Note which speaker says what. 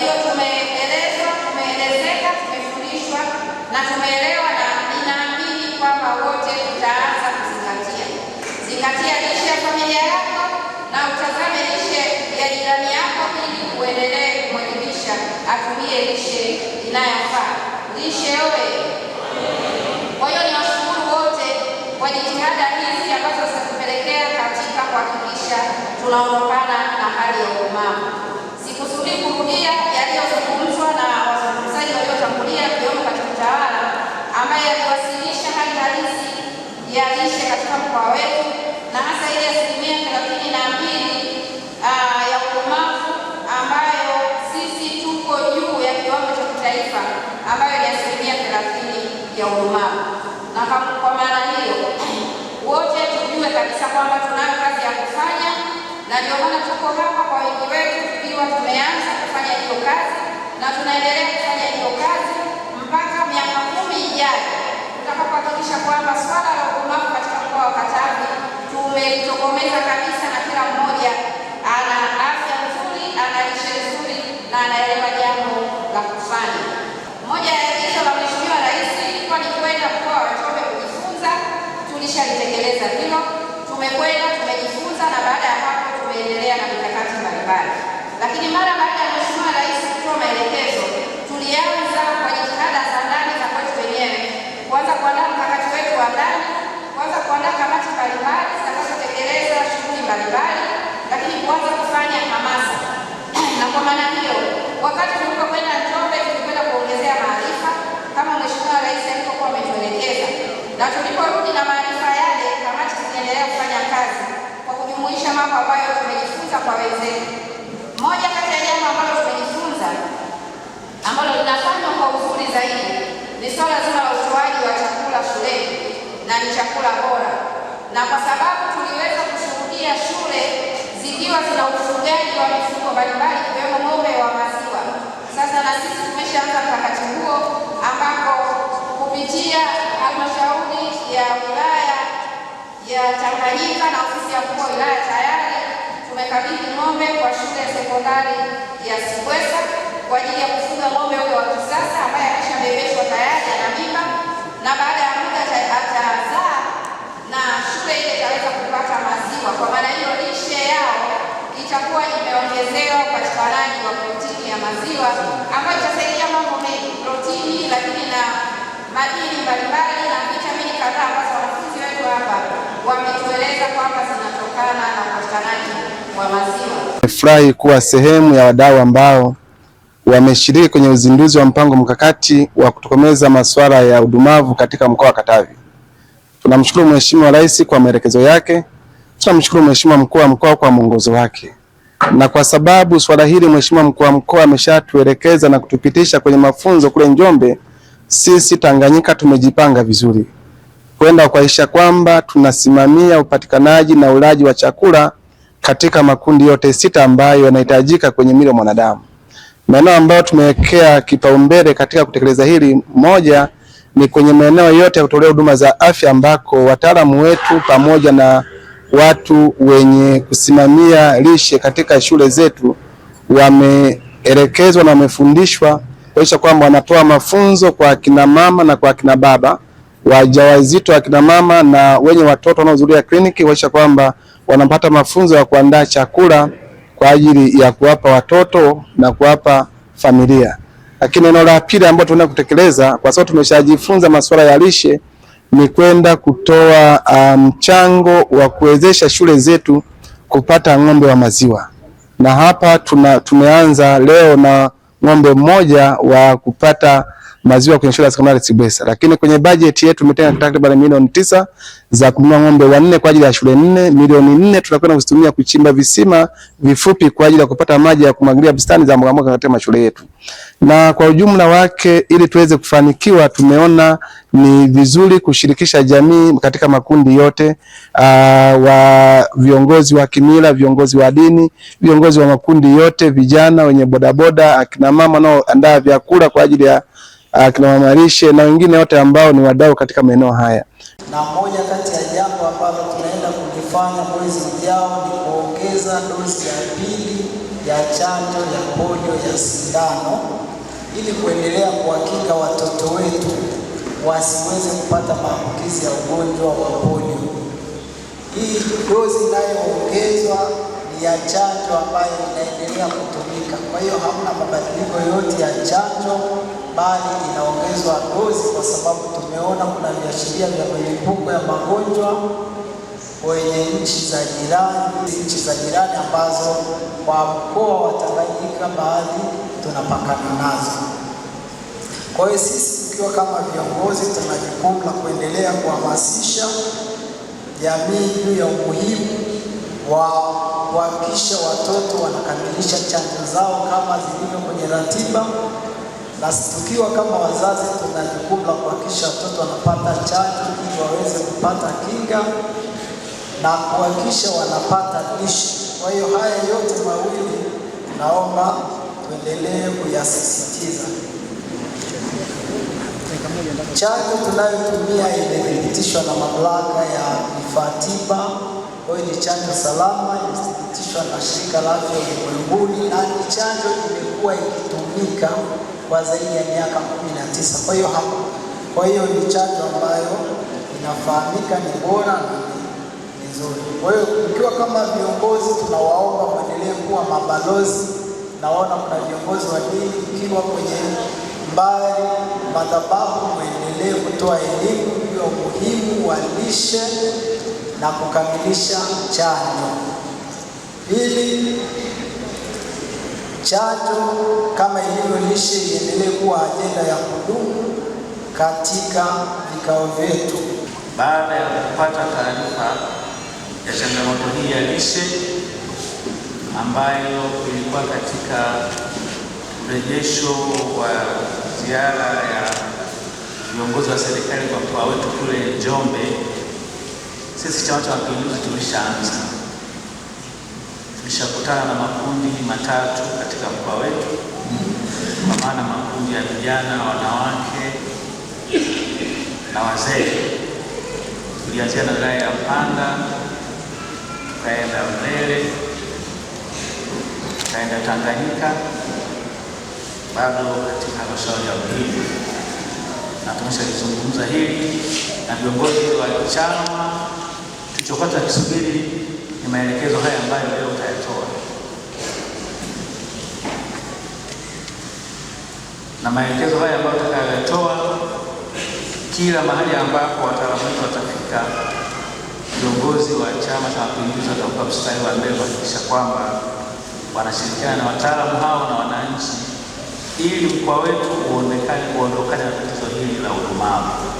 Speaker 1: hiyo tumeelezwa, tumeelezeka, tumefundishwa na tumeelewa, na ninaamini kwamba wote tutaanza kuzingatia. Zingatia lishe ya familia yako na utazame lishe ya jirani yako, ili uendelee kumwelimisha atumie lishe inayofaa. Lishe owe! Kwa hiyo wote kwa jitihada hizi ambazo zitupelekea katika kuhakikisha tunaondokana na hali ya umavu kurudia yaliyozungumzwa na wazungumzaji waliotangulia akiwemo katibu tawala ambaye aliwasilisha hali halisi ya lishe katika mkoa wetu na hasa ile asilimia thelathini na mbili ah, ya ukomavu ambayo sisi tuko juu ya kiwango cha kitaifa ambayo ni asilimia thelathini ya ukomavu. Na kwa maana hiyo wote tujue kabisa kwamba tunayo kazi ya kufanya na ndio maana tuko hapa kwa wengi wetu tukiwa tumeanza kufanya hiyo kazi na tunaendelea kufanya hiyo kazi mpaka miaka kumi ijayo tutakapohakikisha kwamba swala la ulemavu katika mkoa wa Katavi tumelitokomeza kabisa, na kila mmoja ana afya nzuri, ana lishe nzuri na anaelewa jambo la kufanya. Moja ya agizo la Mheshimiwa Rais ilikuwa ni kwenda mkoa wa Njombe kujifunza, tulishalitekeleza hilo, tumekwenda tumejifunza, na baada ya kuendelea na mikakati mbalimbali. Lakini mara baada ya Mheshimiwa Rais kutoa maelekezo, tulianza kwa jitihada za ndani za kwetu wenyewe, kuanza kuandaa mkakati wetu wa ndani, kuanza kuandaa kamati mbalimbali zitakazotekeleza shughuli mbalimbali, lakini kuanza kufanya hamasa na kwa maana hiyo, wakati tulipokwenda Njombe tulikwenda kuongezea maarifa kama Mheshimiwa Rais alipokuwa ametuelekeza, na tuliporudi na maarifa yale, kamati ziliendelea kufanya kazi kujumuisha mambo ambayo tumejifunza kwa wenzetu. Moja kati ya jambo ambalo tumejifunza ambalo linafanywa kwa uzuri zaidi ni swala zima la utoaji wa chakula shuleni na ni chakula bora, na kwa sababu tuliweza kushuhudia shule zikiwa zina ufugaji wa mifugo mbalimbali ikiwemo ng'ombe wa maziwa. Sasa na sisi tumeshaanza mkakati huo ambapo kupitia halmashauri ya wilaya ya Tanganyika na ofisi ya mkuu wa wilaya tayari tumekabidhi ng'ombe kwa shule ya sekondari ya Sikwesa kwa ajili ya kufuga ng'ombe huyo wa kisasa ambaye akishabebeshwa tayari ana mimba na baada ya muda atazaa na shule ile itaweza kupata maziwa. Kwa maana hiyo, lishe yao itakuwa imeongezewa upatikanaji wa protini ya maziwa ambayo itasaidia mambo mengi, protini, lakini na madini mbalimbali na vitamini kadhaa ambazo wanafunzi wetu hapa wametueleza kwamba zinatokana na upatikanaji wa maziwa.
Speaker 2: Nimefurahi kuwa sehemu ya wadau ambao wameshiriki kwenye uzinduzi wa mpango mkakati wa kutokomeza masuala ya udumavu katika mkoa wa Katavi. Tunamshukuru Mheshimiwa Rais kwa maelekezo yake, tunamshukuru Mheshimiwa mkuu wa mkoa kwa mwongozo wake, na kwa sababu swala hili Mheshimiwa mkuu wa mkoa ameshatuelekeza na kutupitisha kwenye mafunzo kule Njombe, sisi Tanganyika tumejipanga vizuri kwenda kuhakikisha kwamba tunasimamia upatikanaji na ulaji wa chakula katika makundi yote sita ambayo yanahitajika kwenye mwili wa mwanadamu. Maeneo ambayo tumewekea kipaumbele katika kutekeleza hili, moja ni kwenye maeneo yote ya kutolea huduma za afya ambako wataalamu wetu pamoja na watu wenye kusimamia lishe katika shule zetu wameelekezwa na wamefundishwa kuhakikisha kwamba wanatoa mafunzo kwa akina mama na kwa akina baba wajawazito, akina mama na wenye watoto wanaohudhuria kliniki kuhakikisha kwamba wanapata mafunzo ya kuandaa chakula kwa ajili ya kuwapa watoto na kuwapa familia. Lakini eneo la pili ambalo tunaenda kutekeleza kwa sababu tumeshajifunza masuala ya lishe ni kwenda kutoa um, mchango um, wa kuwezesha shule zetu kupata ng'ombe wa maziwa, na hapa tuna, tumeanza leo na ng'ombe mmoja wa kupata maziwa kwenye shule ya sekondari Sibwesa. Lakini kwenye bajeti yetu tumetenga takriban milioni tisa za kununua ng'ombe wanne kwa ajili ya shule nne. Milioni nne tutakwenda kuzitumia kuchimba visima vifupi kwa ajili ya kupata maji ya kumwagilia bustani za mboga mboga katika mashule yetu. Na kwa ujumla wake, ili tuweze kufanikiwa, tumeona ni vizuri kushirikisha jamii katika makundi yote aa, ah, wa viongozi wa kimila, viongozi wa dini, viongozi wa makundi yote, vijana wenye bodaboda, akina mama wanaoandaa vyakula kwa ajili ya akina mama lishe na wengine wote ambao ni wadau katika maeneo haya.
Speaker 3: Na moja kati ya jambo ambalo tunaenda kulifanya mwezi ujao ni kuongeza dozi ya pili ya chanjo ya polio ya sindano ili kuendelea kuhakika watoto wetu wasiweze kupata maambukizi ya ugonjwa wa polio. Hii dozi inayoongezwa ni ya chanjo ambayo inaendelea kutumika, kwa hiyo hamna mabadiliko yoyote ya chanjo bali inaongezwa dozi, kwa sababu tumeona kuna viashiria vya milipuko ya magonjwa kwenye nchi za jirani, nchi za jirani ambazo kwa mkoa wa Tanganyika baadhi tunapakana nazo. Kwa hiyo sisi tukiwa kama viongozi, tuna jukumu la kuendelea kuhamasisha jamii juu ya umuhimu wa kuhakikisha watoto wanakamilisha chanjo zao kama zilivyo kwenye ratiba na tukiwa kama wazazi tuna jukumu la kuhakikisha watoto wanapata chanjo ili waweze kupata kinga na kuhakikisha wanapata lishe. Kwa hiyo haya yote mawili naomba tuendelee kuyasisitiza. Chanjo tunayotumia imethibitishwa na mamlaka ya vifaa tiba, kwa hiyo ni chanjo salama, imethibitishwa na shirika la afya ulimwenguni, na ni chanjo imekuwa ikitumika kwa zaidi ya miaka 19. Kwa hiyo hapo, kwa hiyo ni chanjo ambayo inafahamika, ni bora na ni nzuri. Kwa hiyo ukiwa kama viongozi, tunawaomba mwendelee kuwa mabalozi. Naona kuna viongozi wa dini, ukiwa kwenye mbali madhabahu, mwendelee kutoa elimu ya umuhimu wa lishe na kukamilisha chanjo. hili chato kama ilivyo lishe iendelee kuwa ajenda ya kudumu katika vikao vyetu.
Speaker 4: Baada ya kupata taarifa ya changamoto hii ya lishe ambayo ilikuwa katika mrejesho wa ziara ya viongozi wa serikali kwa mkoa wetu kule Njombe, sisi Chama cha Mapinduzi tulishaanza Tulishakutana na makundi matatu katika mkoa wetu, kwa maana makundi ya vijana, wanawake na wazee. Tulianzia na wilaya ya Mpanda, tukaenda Mlele, tukaenda Tanganyika, bado katika halmashauri ya Uhiji, na tumeshalizungumza hili na viongozi wa chama. Tulichokuwa tunakisubiri ni maelekezo haya ambayo leo utayatoa, na maelekezo haya ambayo utakayoyatoa kila mahali ambapo wataalamu wetu watafika, viongozi wa Chama cha Mapinduzi watakuwa mstari wa mbele kuhakikisha kwamba wanashirikiana na wataalamu hao na wananchi, ili mkoa wetu uonekane kuondokana na tatizo hili la udumavu.